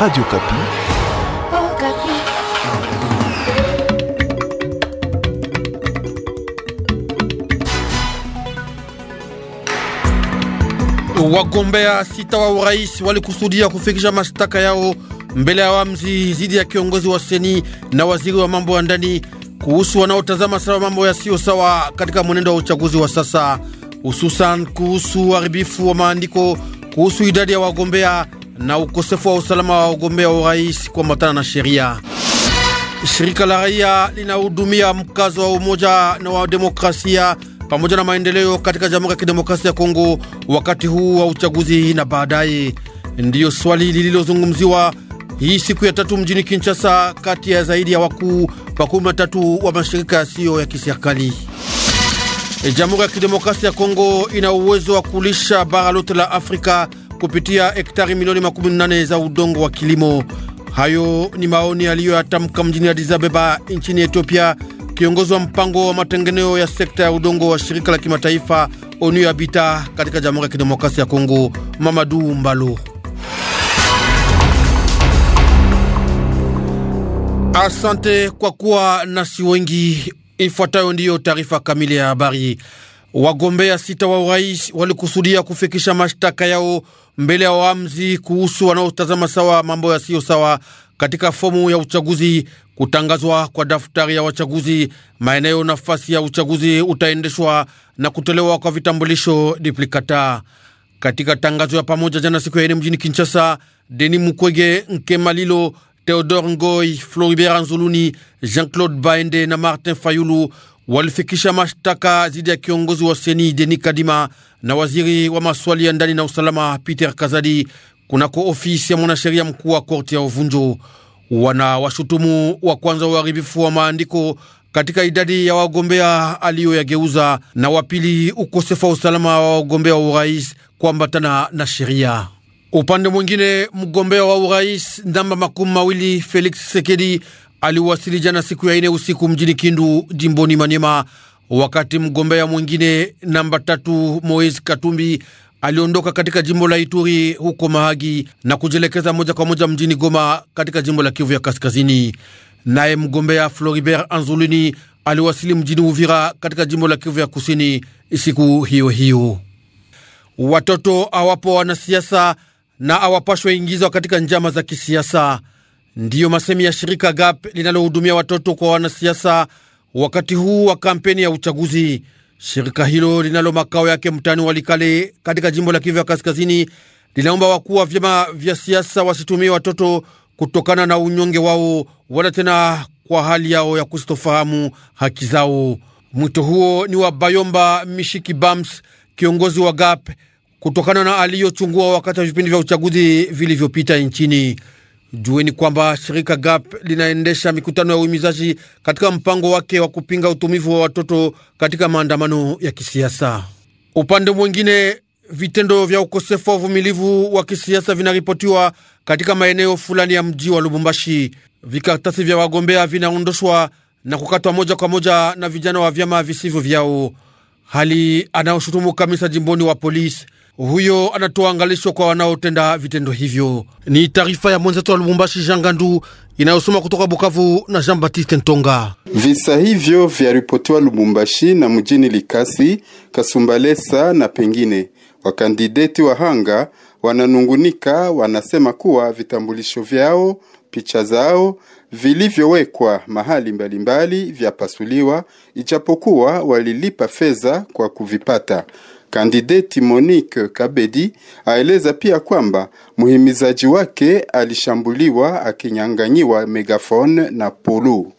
Radio Kapi. Oh, Kapi. Wagombea sita wa urais walikusudia kufikisha mashtaka yao mbele ya wamzi dhidi ya kiongozi wa seni na waziri wa mambo ya ndani kuhusu wanaotazama sawa mambo yasiyo sawa katika mwenendo wa uchaguzi wa sasa, hususan kuhusu uharibifu wa maandiko, kuhusu idadi ya wagombea na ukosefu wa usalama wa ugombea wa urais kuambatana na sheria. Shirika la raia linahudumia mkazo wa umoja na wa demokrasia pamoja na maendeleo katika Jamhuri ya Kidemokrasia ya Kongo wakati huu wa uchaguzi na baadaye, ndiyo swali lililozungumziwa hii siku ya tatu mjini Kinshasa kati ya zaidi ya wakuu wa kumi na tatu wa mashirika yasiyo ya kiserikali. Jamhuri ya Kidemokrasia ya Kongo ina uwezo wa kulisha bara lote la Afrika kupitia hektari milioni makumi nane za udongo wa kilimo. Hayo ni maoni aliyoyatamka mjini Addis Ababa nchini Ethiopia kiongozi wa mpango wa matengeneo ya sekta ya udongo wa shirika la kimataifa ONU Habitat katika Jamhuri ya Kidemokrasia ya Kongo, Mamadu Mbalo. Asante kwa kuwa nasi wengi. Ifuatayo ndiyo taarifa kamili ya habari. Wagombea sita wa urais walikusudia kufikisha mashtaka yao mbele ya waamzi kuhusu wanaotazama sawa mambo yasiyo sawa katika fomu ya uchaguzi. Kutangazwa kwa daftari ya wachaguzi, maeneo, nafasi ya uchaguzi utaendeshwa na kutolewa kwa vitambulisho diplikata. Katika tangazo ya pamoja jana siku ya ine mjini Kinshasa, Denis Mukwege, Nkemalilo, Theodore Ngoi, Floribert Anzuluni, Jean-Claude Baende na Martin Fayulu walifikisha mashtaka dhidi ya kiongozi wa seni Deni Kadima na waziri wa maswali ya ndani na usalama Peter Kazadi kunako ofisi ya mwanasheria mkuu wa korti ya uvunjo. Wana washutumu wa kwanza uharibifu wa maandiko katika idadi ya wagombea aliyoyageuza na wapili ukosefu wa usalama wa wagombea wa urais kuambatana na sheria. Upande mwingine, mgombea wa urais namba makumi mawili Felix Sekedi aliwasili jana siku ya ine usiku mjini Kindu jimboni manyema wakati mgombea mwingine namba tatu Moise Katumbi aliondoka katika jimbo la Ituri huko Mahagi na kujielekeza moja kwa moja mjini Goma katika jimbo la Kivu ya Kaskazini. Naye mgombea Floribert Anzulini aliwasili mjini Uvira katika jimbo la Kivu ya Kusini siku hiyo hiyo. Watoto awapo wanasiasa na awapashwe ingizwa katika njama za kisiasa. Ndiyo masemi ya shirika GAP linalohudumia watoto kwa wanasiasa wakati huu wa kampeni ya uchaguzi. Shirika hilo linalo makao yake mtaani Walikale katika jimbo la Kivu ya Kaskazini linaomba wakuu wa vyama vya siasa wasitumie watoto kutokana na unyonge wao wala tena kwa hali yao ya kusitofahamu haki zao. Mwito huo ni wa Bayomba Mishiki Bams, kiongozi wa GAP, kutokana na aliyochungua wakati wa vipindi vya uchaguzi vilivyopita nchini. Jueni kwamba shirika GAP linaendesha mikutano ya uhimizaji katika mpango wake wa kupinga utumivu wa watoto katika maandamano ya kisiasa. Upande mwingine, vitendo vya ukosefu wa uvumilivu wa kisiasa vinaripotiwa katika maeneo fulani ya mji wa Lubumbashi. Vikaratasi vya wagombea vinaondoshwa na kukatwa moja kwa moja na vijana wa vyama visivyo vyao, hali anayoshutumu kamisa jimboni wa polisi huyo anatoa angalisho kwa wanaotenda vitendo hivyo. Ni taarifa ya mwenzetu wa Lubumbashi, Jangandu, inayosoma kutoka Bukavu na Jean Baptiste Ntonga. Visa hivyo vyaripotiwa Lubumbashi na mjini Likasi, Kasumbalesa na pengine. Wakandideti wa hanga wananungunika, wanasema kuwa vitambulisho vyao, picha zao vilivyowekwa mahali mbalimbali vyapasuliwa, ijapokuwa walilipa fedha kwa kuvipata. Kandideti Monique Kabedi aeleza pia kwamba muhimizaji wake alishambuliwa akinyang'anyiwa megafone na pulu.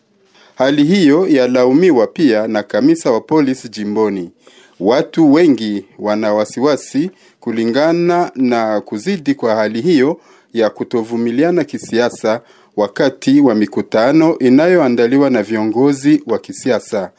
Hali hiyo yalaumiwa pia na kamisa wa polisi jimboni. Watu wengi wana wasiwasi kulingana na kuzidi kwa hali hiyo ya kutovumiliana kisiasa wakati wa mikutano inayoandaliwa na viongozi wa kisiasa.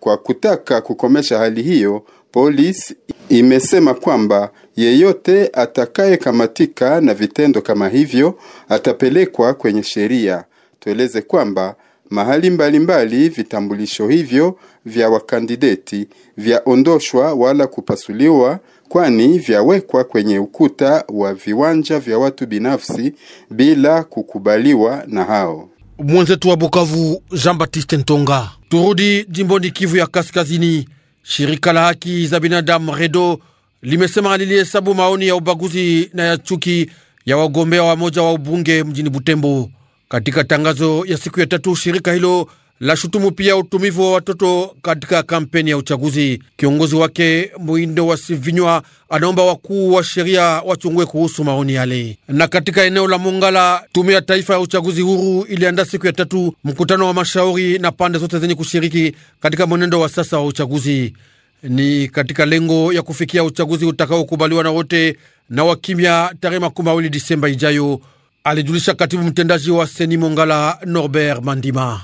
Kwa kutaka kukomesha hali hiyo, Polisi imesema kwamba yeyote atakayekamatika na vitendo kama hivyo atapelekwa kwenye sheria. Tueleze kwamba mahali mbalimbali mbali vitambulisho hivyo vya wakandideti vyaondoshwa wala kupasuliwa, kwani vyawekwa kwenye ukuta wa viwanja vya watu binafsi bila kukubaliwa na hao. Mwenzetu wa Bukavu Jean Baptiste Ntonga. Turudi jimboni Kivu ya Kaskazini. Shirika la haki za binadamu REDO limesema lilihesabu maoni ya ubaguzi na ya chuki ya wagombea wa moja wa ubunge mjini Butembo. Katika tangazo ya siku ya tatu, shirika hilo lashutumu pia utumivu wa watoto katika kampeni ya uchaguzi. Kiongozi wake Mwindo wa Sivinywa anaomba wakuu wa sheria wachungue kuhusu maoni yale. Na katika eneo la Mongala, tume ya taifa ya uchaguzi huru ilianda siku ya tatu mkutano wa mashauri na pande zote zenye kushiriki katika mwenendo wa sasa wa uchaguzi. Ni katika lengo ya kufikia uchaguzi utakaokubaliwa na wote na wakimya tarehe makumi mawili Disemba ijayo, alijulisha katibu mtendaji wa Seni Mongala Norbert Mandima.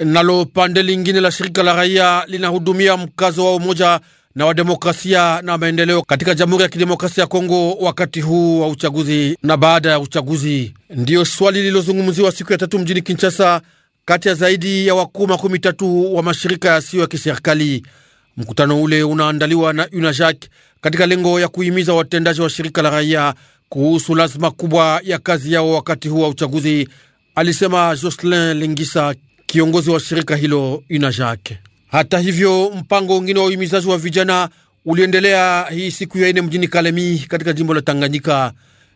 Nalo pande lingine la shirika la raia linahudumia mkazo wa umoja na wa demokrasia na maendeleo katika Jamhuri ya Kidemokrasia ya Kongo wakati huu wa uchaguzi na baada ya uchaguzi, ndiyo swali lililozungumziwa siku ya tatu mjini Kinshasa kati ya zaidi ya wakuu makumi tatu wa mashirika yasiyo ya kiserikali. Mkutano ule unaandaliwa na UNAJAK katika lengo ya kuhimiza watendaji wa shirika la raia kuhusu lazima kubwa ya kazi yao wakati huu wa uchaguzi, alisema Jocelyn Lingisa kiongozi wa shirika hilo Unajak. Hata hivyo, mpango wengine wa uhimizaji wa vijana uliendelea hii siku ya ine mjini Kalemi katika jimbo la Tanganyika.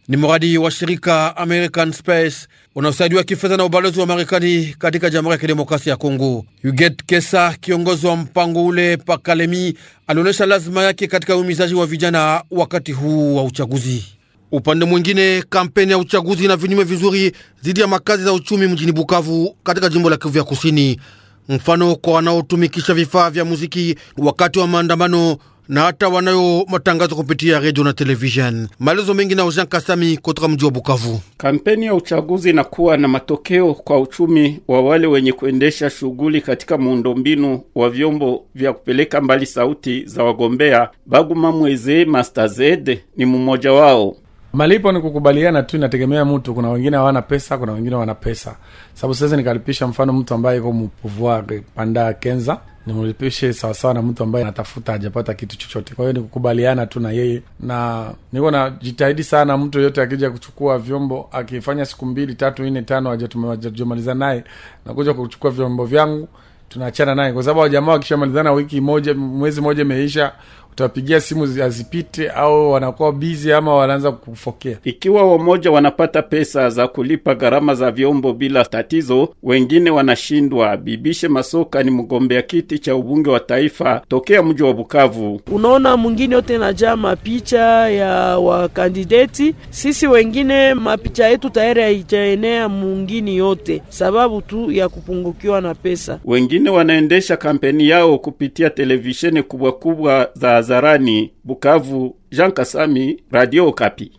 Ni mradi wa shirika American Space unaosaidiwa kifedha na ubalozi wa Marekani katika Jamhuri ya Kidemokrasia ya Kongo. Uget Kesa, kiongozi wa mpango ule pa Kalemi, alionyesha lazima yake katika uhimizaji wa vijana wakati huu wa uchaguzi. Upande mwingine, kampeni ya uchaguzi na vinyume vizuri dhidi ya makazi za uchumi mjini Bukavu katika jimbo la Kivu ya Kusini, mfano kwa wanaotumikisha vifaa vya muziki wakati wa maandamano na hata wanayo matangazo kupitia redio na television. Maelezo mengi na Jean Kasami kutoka mji wa Bukavu. Kampeni ya uchaguzi inakuwa na matokeo kwa uchumi wa wale wenye kuendesha shughuli katika muundombinu wa vyombo vya kupeleka mbali sauti za wagombea. Baguma Mweze Master Zed ni mmoja wao malipo ni kukubaliana tu inategemea mtu kuna wengine hawana pesa kuna wengine wana pesa sababu siwezi nikalipisha mfano mtu ambaye iko mpuvua panda kenza nimlipishe sawasawa na mtu ambaye anatafuta hajapata kitu chochote kwa hiyo ni kukubaliana tu na yeye na niko najitahidi sana mtu yoyote akija kuchukua vyombo akifanya siku mbili tatu nne tano hajajumaliza naye nakuja kuchukua vyombo vyangu tunaachana naye kwa sababu wajamaa wakishamalizana wiki moja mwezi moja imeisha tuwapigia simu hazipite, au wanakuwa bizi ama wanaanza kufokea. Ikiwa wamoja wanapata pesa za kulipa gharama za vyombo bila tatizo, wengine wanashindwa. Bibishe Masoka ni mgombea kiti cha ubunge wa taifa tokea mji wa Bukavu. Unaona, mwingine yote najaa mapicha ya wakandideti, sisi wengine mapicha yetu tayari haijaenea mwingine yote, sababu tu ya kupungukiwa na pesa. Wengine wanaendesha kampeni yao kupitia televisheni kubwa kubwa za hadharani. Bukavu, Jean Kasami, Radio Okapi.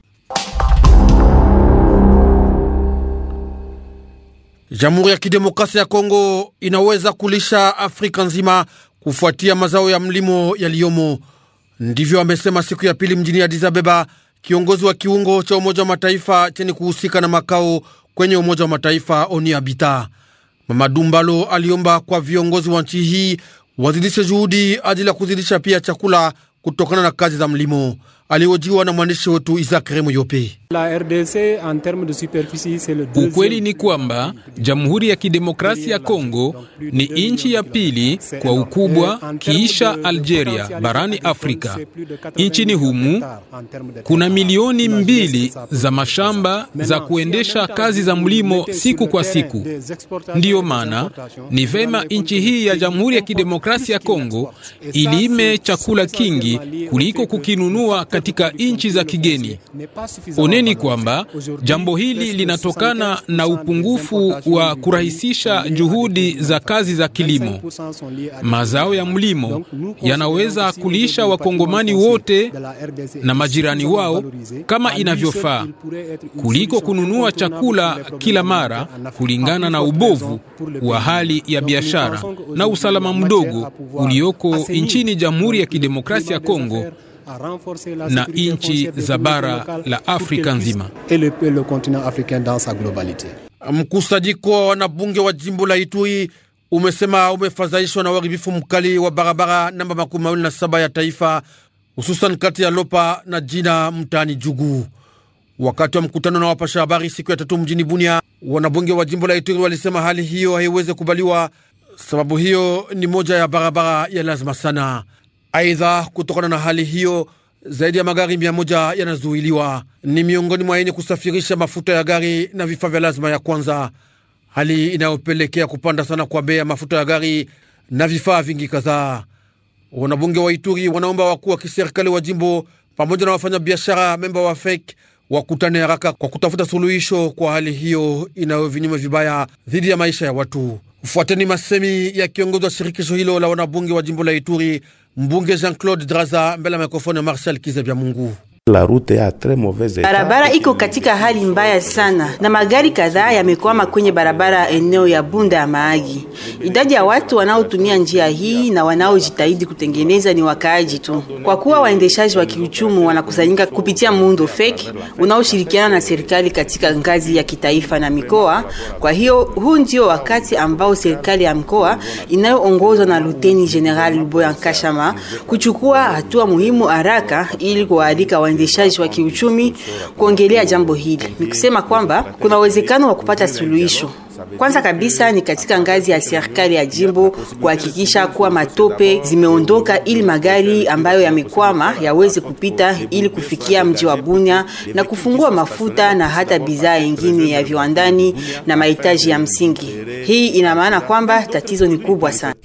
Jamhuri ya Kidemokrasia ya Kongo inaweza kulisha Afrika nzima kufuatia mazao ya mlimo yaliyomo. Ndivyo amesema siku ya pili mjini Addis Abeba kiongozi wa kiungo cha Umoja wa Mataifa chenye kuhusika na makao kwenye Umoja wa Mataifa Oni Abita. Mama Dumbalo aliomba kwa viongozi wa nchi hii wazidishe juhudi ajili ya kuzidisha pia chakula kutokana na kazi za mlimo aliojiwa na mwandishi wetu Isaac Remo Yope. Ukweli ni kwamba Jamhuri ya Kidemokrasia ya Kongo ni nchi ya pili kwa ukubwa kiisha Algeria barani Afrika. Nchini humu kuna milioni mbili za mashamba za kuendesha kazi za mlimo siku kwa siku. Ndiyo maana ni vema nchi hii ya Jamhuri ya Kidemokrasia ya Kongo ilime chakula kingi kuliko kukinunua katika nchi za kigeni. Oneni kwamba jambo hili linatokana na upungufu wa kurahisisha juhudi za kazi za kilimo. Mazao ya mlimo yanaweza kulisha wakongomani wote na majirani wao kama inavyofaa kuliko kununua chakula kila mara kulingana na ubovu wa hali ya biashara na usalama mdogo ulioko nchini Jamhuri ya Kidemokrasia ya Kongo na nchi za bara la Afrika nzima. Mkusanyiko wa wanabunge wa jimbo la Ituri umesema umefadhaishwa na uharibifu mkali wa barabara namba makumi mawili na saba ya taifa hususan kati ya Lopa na Jina mtaani Jugu. Wakati wa mkutano na wapasha habari siku ya tatu mjini Bunia, wanabunge wa jimbo la Ituri walisema hali hiyo haiwezi kubaliwa, sababu hiyo ni moja ya barabara ya lazima sana. Aidha, kutokana na hali hiyo zaidi ya magari mia moja yanazuiliwa. Ni miongoni mwa yenye kusafirisha mafuta ya gari na vifaa vya lazima ya kwanza, hali inayopelekea kupanda sana kwa bei ya mafuta ya gari na vifaa vingi kadhaa. Wanabunge wa Ituri wanaomba wakuu wa kiserikali wa jimbo pamoja na wafanyabiashara memba wa FEC wakutane haraka kwa kutafuta suluhisho kwa hali hiyo inayovinyume vibaya dhidi ya maisha ya watu. Fuateni masemi ya kiongozi wa shirikisho hilo la wanabunge wa jimbo la Ituri Mbunge Jean-Claude Draza mbele ya mikrofoni Marcel Kizebya Mungu. La route ya tres mauvaise barabara iko katika hali mbaya sana, na magari kadhaa yamekwama kwenye barabara eneo ya Bunda ya Maagi. Idadi ya watu wanaotumia njia hii na wanaojitahidi kutengeneza ni wakaaji tu, kwa kuwa waendeshaji wa kiuchumi wanakusanyika kupitia muundo feki unaoshirikiana na serikali katika ngazi ya kitaifa na mikoa. Kwa hiyo huu ndio wakati ambao serikali ya mkoa inayoongozwa na Luteni General Luboya Nkashama kuchukua hatua muhimu haraka ili kuwaalika uendeshaji wa kiuchumi kuongelea jambo hili. Ni kusema kwamba kuna uwezekano wa kupata suluhisho. Kwanza kabisa ni katika ngazi ya serikali ya jimbo kuhakikisha kuwa matope zimeondoka ili magari ambayo yamekwama yaweze kupita ili kufikia mji wa Bunya na kufungua mafuta na hata bidhaa nyingine ya viwandani na mahitaji ya msingi. Hii ina maana kwamba tatizo ni kubwa sana.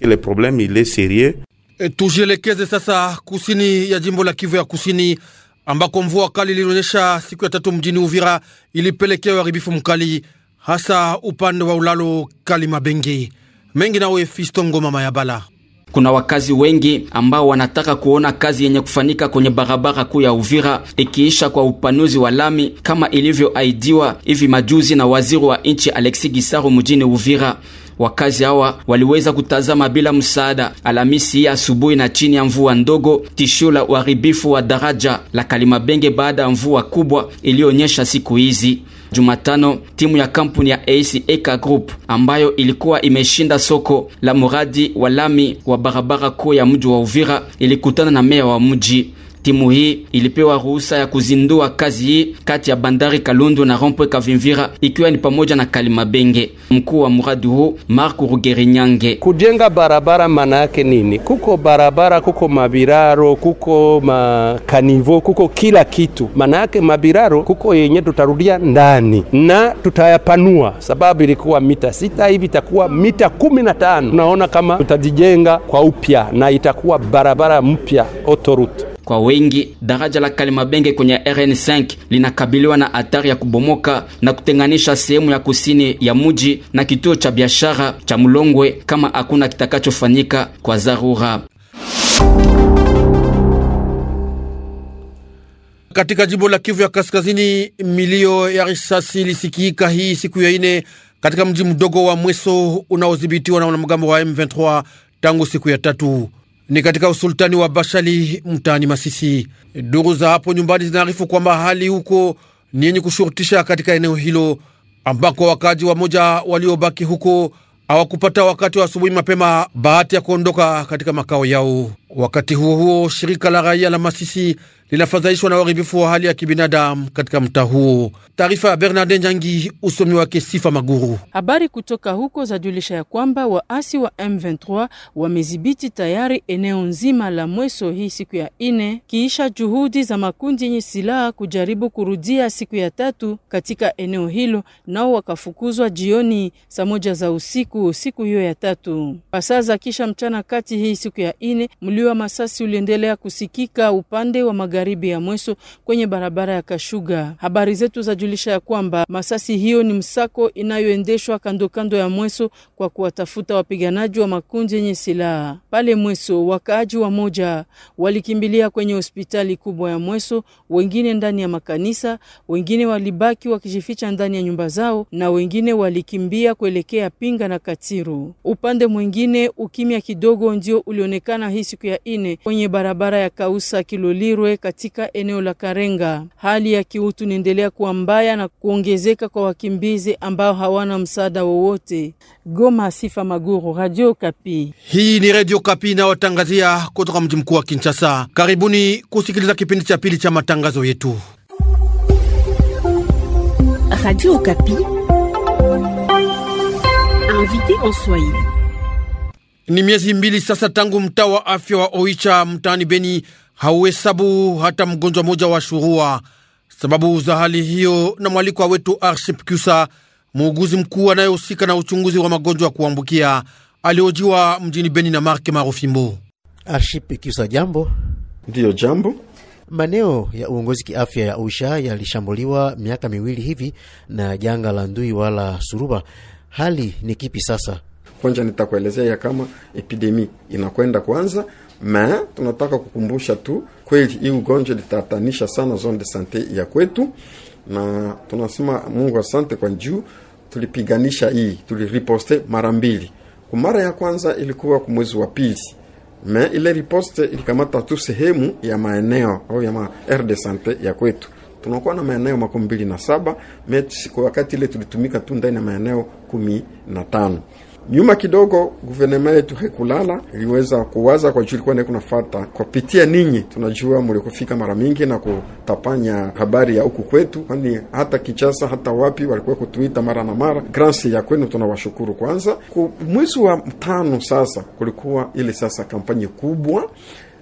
E, tujielekeze sasa kusini ya jimbo la Kivu ya Kusini ambako mvua kali ilionyesha siku ya tatu mjini Uvira ilipelekea uharibifu mkali hasa upande wa ulalo kali mabengi Mengi nawe Fisto Ngoma Mayabala. Kuna wakazi wengi ambao wanataka kuona kazi yenye kufanyika kwenye barabara kuu ya Uvira ikiisha kwa upanuzi wa lami kama ilivyoahidiwa hivi majuzi na waziri wa nchi Alexis Gisaro mjini Uvira. Wakazi hawa waliweza kutazama bila msaada Alhamisi hii asubuhi, na chini ya mvua ndogo tishio la uharibifu wa daraja la Kalimabenge baada ya mvua kubwa iliyoonyesha siku hizi. Jumatano timu ya kampuni ya AC Eka Group ambayo ilikuwa imeshinda soko la muradi wa lami wa barabara kuu ya mji wa Uvira ilikutana na meya wa mji. Timu hii ilipewa ruhusa ya kuzindua kazi hii kati ya bandari Kalundu na rompwe Kavimvira, ikiwa ni pamoja na Kalimabenge. Mkuu wa mradi huu Mark Rugerinyange: kujenga barabara maana yake nini? Kuko barabara, kuko mabiraro, kuko makanivo, kuko kila kitu. Maana yake mabiraro kuko yenye tutarudia ndani na tutayapanua, sababu ilikuwa mita sita hivi itakuwa mita kumi na tano. Tunaona kama tutajijenga kwa upya na itakuwa barabara mpya autoroute. Kwa wengi, daraja la Kalemabenge kwenye RN5 linakabiliwa na hatari ya kubomoka na kutenganisha sehemu ya kusini ya muji na kituo cha biashara cha Mulongwe kama hakuna kitakachofanyika kwa dharura. Katika jimbo la Kivu ya Kaskazini, milio ya risasi ilisikika hii siku ya ine katika mji mdogo wa Mweso unaodhibitiwa na wanamgambo wa M23 tangu siku ya tatu ni katika usultani wa Bashali mtaani Masisi. Duru za hapo nyumbani zinaarifu kwamba hali huko ni yenye kushurutisha katika eneo hilo ambako wakaji wa moja waliobaki huko hawakupata wakati wa asubuhi mapema bahati ya kuondoka katika makao yao. Wakati huo huo, shirika la raia la Masisi linafadhaishwa na uharibifu wa hali ya kibinadamu katika mtaa huo. Taarifa ya Bernard Nyangi, usomi wake Sifa Maguru. Habari kutoka huko zajulisha ya kwamba waasi wa M23 wamezibiti tayari eneo nzima la Mweso hii siku ya ine, kiisha juhudi za makundi yenye silaha kujaribu kurudia siku ya tatu katika eneo hilo, nao wakafukuzwa jioni saa moja za usiku siku hiyo ya tatu za kisha mchana kati hii siku ya ine, mlio wa masasi uliendelea kusikika upande wa magharibi ya Mweso kwenye barabara ya Kashuga. Habari zetu zajulisha ya kwamba masasi hiyo ni msako inayoendeshwa kandokando ya Mweso kwa kuwatafuta wapiganaji wa makundi yenye silaha pale Mweso. Wakaaji wa moja walikimbilia kwenye hospitali kubwa ya Mweso, wengine ndani ya makanisa, wengine walibaki wakijificha ndani ya nyumba zao, na wengine walikimbia kuelekea Pinga na Katiru. Upande mwingine ukimya kidogo ndio ulionekana hii siku ya ine kwenye barabara ya Kausa Kilolirwe katika eneo la Karenga. Hali ya kiutu inaendelea kuwa mbaya na kuongezeka kwa wakimbizi ambao hawana msaada wowote. Goma, Sifa Maguru, Radio Kapi. Hii ni Radio Kapi inayotangazia kutoka mji mkuu wa Kinshasa. Karibuni kusikiliza kipindi cha pili cha matangazo yetu Radio Kapi. Ni miezi mbili sasa tangu mtaa wa afya wa Oicha mtaani Beni hauhesabu hata mgonjwa mmoja wa shurua. Sababu za hali hiyo na mwalikwa wetu Arship Kusa, muuguzi mkuu anayehusika na uchunguzi wa magonjwa ya kuambukia aliojiwa mjini Beni na Marke Marofimbo. Arship Kusa, jambo. Ndiyo, jambo. Maeneo ya uongozi kiafya ya Usha yalishambuliwa miaka miwili hivi na janga la ndui wala suruba. Hali ni kipi sasa? Kwanza nitakuelezea ya kama epidemi inakwenda kwanza ma tunataka kukumbusha tu kweli, hii ugonjwa litatanisha sana zone de sante ya kwetu, na tunasema Mungu asante kwa juu tulipiganisha hii, tuliriposte mara mbili. Kwa mara ya kwanza ilikuwa kwa mwezi wa pili, me ile riposte ilikamata tu sehemu ya maeneo au ya ma de sante ya kwetu tunakuwa na maeneo makumi mbili na saba me kwa wakati ile tulitumika tu ndani ya maeneo kumi na tano. Nyuma kidogo guvernema yetu haikulala, iliweza kuwaza kwa juu ilikuwa kunafata pitia ninyi. Tunajua mulikufika mara mingi na kutapanya habari ya huku kwetu, kwani hata kichasa hata wapi walikuwa kutuita mara na mara. Grasi ya kwenu tunawashukuru kwanza. Ku mwezi wa mtano sasa kulikuwa ili sasa kampanye kubwa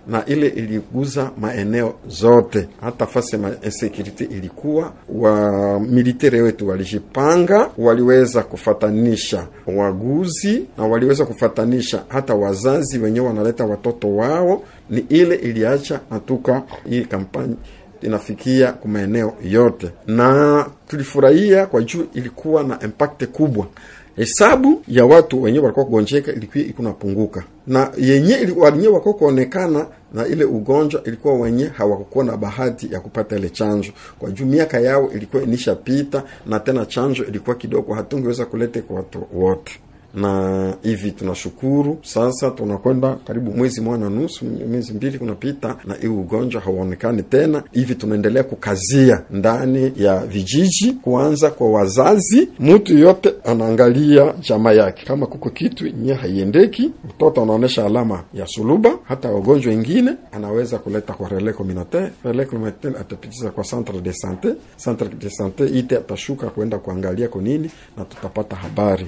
na ile iliguza maeneo zote, hata fasi ya insekurite ilikuwa. Wamiliteri wetu walijipanga, waliweza kufatanisha waguzi na waliweza kufatanisha hata wazazi wenyewe wanaleta watoto wao. Ni ile iliacha natuka hii kampani inafikia kwa maeneo yote, na tulifurahia kwa juu ilikuwa na impact kubwa hesabu ya watu wenye walikuwa kugonjeka ilikuwa ikunapunguka, na yenye walinye wako kuonekana na ile ugonjwa ilikuwa wenye hawakukuwa na bahati ya kupata ile chanjo, kwa juu miaka yao ilikuwa inishapita, na tena chanjo ilikuwa kidogo, hatungeweza kulete kwa watu wote na hivi tunashukuru sasa, tunakwenda karibu mwezi mwana nusu mwezi mbili kunapita, na hii ugonjwa hauonekani tena. Hivi tunaendelea kukazia ndani ya vijiji, kuanza kwa wazazi, mtu yote anaangalia jamaa yake, kama kuko kitu nye haiendeki, mtoto anaonyesha alama ya suluba, hata wagonjwa wengine anaweza kuleta kwa relais communautaire. communautaire atapitiza kwa centre de sante, centre de sante ite atashuka kwenda kuangalia konini, na tutapata habari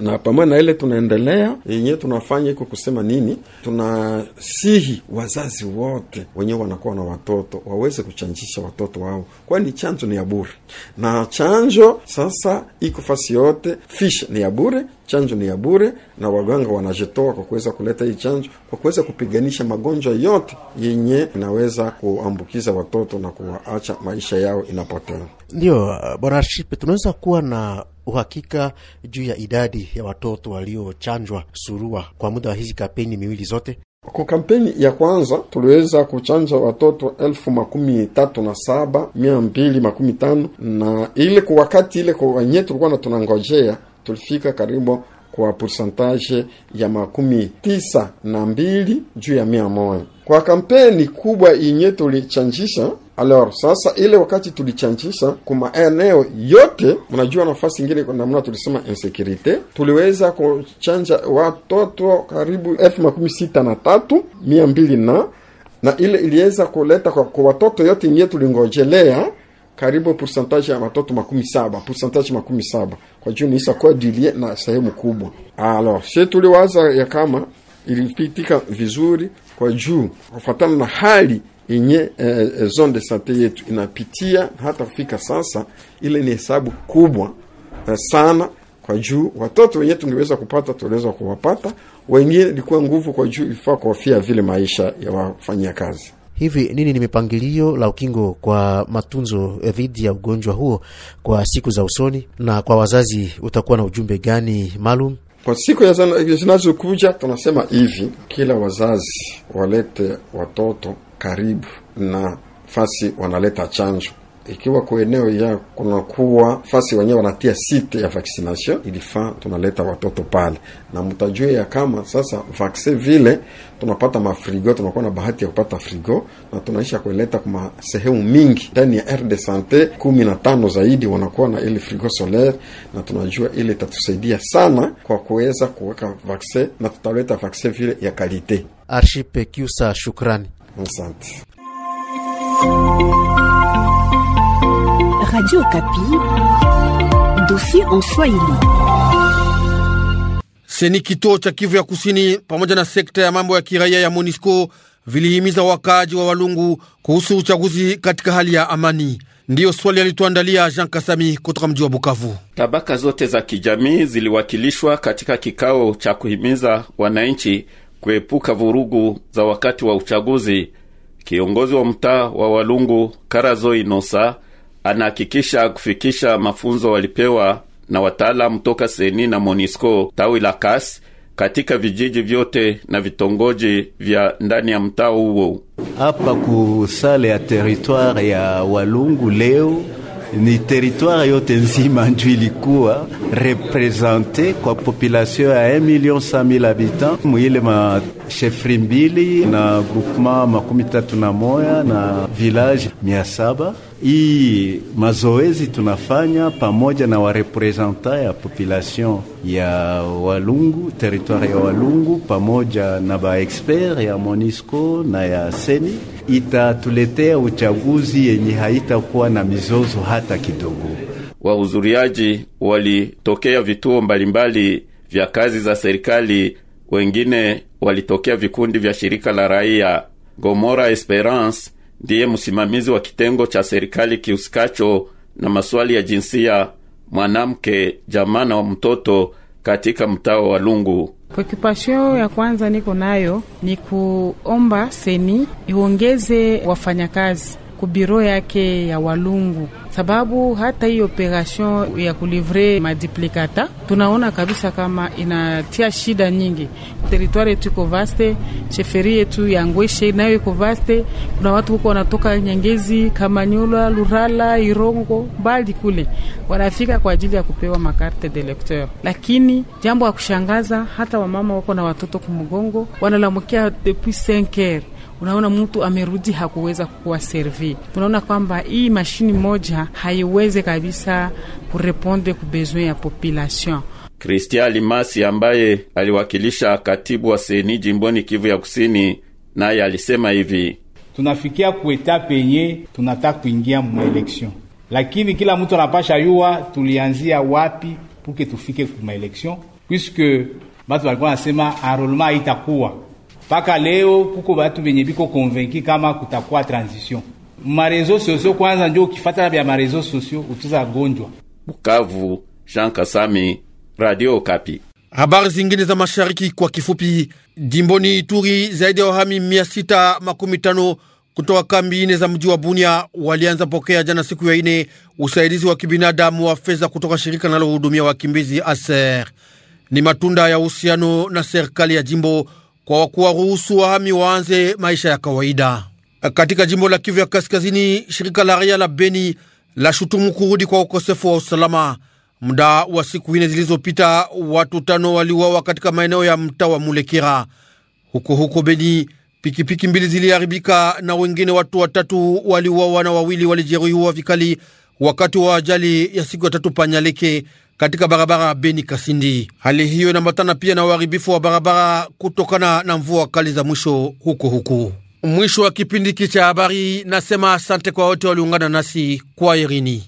na pamoja na ile tunaendelea yenyewe tunafanya iko kusema nini, tunasihi wazazi wote wenye wanakuwa na watoto waweze kuchanjisha watoto wao, kwani chanjo ni ya bure. Na chanjo sasa iko fasi yote, fish ni ya bure, chanjo ni ya bure, na waganga wanajitoa kwa kuweza kuleta hii chanjo kwa kuweza kupiganisha magonjwa yote yenye inaweza kuambukiza watoto na kuwaacha maisha yao inapotea. Ndio bwana Shipe, tunaweza kuwa na uhakika juu ya idadi ya watoto waliochanjwa surua kwa muda wa hizi kampeni miwili zote? Kwa kampeni ya kwanza tuliweza kuchanja watoto elfu makumi tatu na saba mia mbili makumi tano na ile kwa wakati ile kwa wenyewe tulikuwa na tunangojea, tulifika karibu kwa pourcentage ya makumi tisa na mbili juu ya mia moja. Kwa kampeni kubwa yenye tulichanjisha Alors sasa, ile wakati tulichanchisha kumaeneo yote, mnajua nafasi ingine kwa namna tulisema insecurity, tuliweza kuchanja watoto karibu elfu makumi sita na tatu mia mbili na na ile iliweza kuleta kwa, kwa watoto yote ingine tulingojelea karibu percentage ya watoto makumi saba percentage makumi saba kwa juu niisa kwa dilie na sehemu kubwa. Alors si tuliwaza ya kama ilipitika vizuri kwa juu kufatana na hali yenye eh, eh, zone de sante yetu inapitia hata kufika sasa, ile ni hesabu kubwa eh, sana kwa juu watoto wenyewe tungeweza kupata, tunaweza kuwapata wengine, ilikuwa nguvu kwa juu, ilifaa kuwafia vile maisha ya wafanyia kazi hivi. Nini ni mipangilio la ukingo kwa matunzo eh, dhidi ya ugonjwa huo kwa siku za usoni, na kwa wazazi utakuwa na ujumbe gani maalum kwa siku zinazokuja? Tunasema hivi, kila wazazi walete watoto karibu na fasi wanaleta chanjo ikiwa kwa eneo ya kunakuwa fasi wenyewe wanatia site ya vaccination, ilifaa tunaleta watoto pale, na mtajue ya kama sasa vaksin vile tunapata mafrigo, tunakuwa na bahati ya kupata frigo na tunaisha kuleta kuma sehemu mingi ndani ya aire de sante kumi na tano zaidi wanakuwa na ile frigo solaire, na tunajua ile itatusaidia sana kwa kuweza kuweka vaksin na tutaleta vaksin vile ya kalite. Arshipe Kiusa, shukrani. Asante. Radio Kapi, dossier en Swahili. Seni kituo cha Kivu ya Kusini pamoja na sekta ya mambo ya kiraia ya monisco vilihimiza wakaaji wa Walungu kuhusu uchaguzi katika hali ya amani. Ndiyo swali alituandalia Jean Kasami kutoka mji wa Bukavu. Tabaka zote za kijamii ziliwakilishwa katika kikao cha kuhimiza wananchi kuepuka vurugu za wakati wa uchaguzi. Kiongozi wa mtaa wa Walungu Karazo Inosa anahakikisha kufikisha mafunzo walipewa na wataalamu toka Seni na Monisco tawi la Kas katika vijiji vyote na vitongoji vya ndani ya mtaa huo. Hapa kusale ya teritware ya Walungu leo ni territoire yote nzima ndio ilikuwa represente kwa population ya 1 million 100 mil habitants mwile ma mbili na groupement makumi tatu na moya na village mia saba Hii mazoezi tunafanya pamoja na warepresenta ya population ya Walungu, territoire ya Walungu, pamoja na baexpert ya Monisco na ya Seni, itatuletea uchaguzi yenye haitakuwa na mizozo hata kidogo. Wahudhuriaji walitokea vituo mbalimbali vya kazi za serikali, wengine walitokea vikundi vya shirika la raia. Gomora Esperance ndiye msimamizi wa kitengo cha serikali kiusikacho na maswali ya jinsia, mwanamke, jamana wa mtoto katika mtaa wa Lungu. Preokupasio ya kwanza niko nayo ni kuomba seni iongeze wafanyakazi kubiro yake ya Walungu, sababu hata hii operation ya kulivre madiplikata tunaona kabisa kama inatia shida nyingi. Teritwari yetu iko vaste, sheferi yetu ya Ngweshe nayo iko vaste. Kuna watu huko wanatoka Nyengezi, Kamanyola, Lurala, Irongo, mbali kule wanafika kwa ajili ya kupewa makarte de lecteur, lakini jambo ya kushangaza, hata wamama wako na watoto kumgongo wanalamukia depuis 5 heures unaona mtu amerudi hakuweza kuwa servi. Unaona kwamba hii mashini moja haiweze kabisa kureponde ku besoin ya population. kristia Limasi ambaye aliwakilisha katibu wa seni jimboni Kivu ya Kusini, naye alisema hivi: tunafikia kueta penye tunataka kuingia mumaeleksion, lakini kila mtu anapasha yua tulianzia wapi puke tufike kumaeleksion, puisque batu walikuwa nasema enrolement itakuwa mpaka leo kuko batu benye biko konvenki kama kutakuwa transition marezo sosio, kwanza njo ukifata bya marezo sosio utuza gonjwa. Bukavu, Jean Kasami, Radio Kapi. Habari zingine za mashariki kwa kifupi. Jimboni Ituri, zaidi ya wahami mia sita makumi tano kutoka kambi ine za mji wa Bunia walianza pokea jana siku ya ine usaidizi wa kibinadamu wa fedha kutoka shirika linalohudumia wakimbizi ASER. Ni matunda ya uhusiano na serikali ya jimbo kwa kuwaruhusu wahami waanze maisha ya kawaida. Katika jimbo la Kivu ya Kaskazini, shirika la raia la Beni la shutumu kurudi kwa ukosefu wa usalama. Muda wa siku ine zilizopita, watu tano waliuawa katika maeneo ya mtaa wa Mulekera huko huko Beni. Pikipiki piki mbili ziliharibika na wengine watu watatu waliuawa na wawili walijeruhiwa vikali wakati wa ajali ya siku ya tatu Panyaleke katika barabara Beni Kasindi. Hali hiyo inaambatana pia na uharibifu wa barabara kutokana na mvua kali za mwisho huko huko. Mwisho wa kipindi hiki cha habari, nasema asante kwa wote waliungana nasi kwa Irini.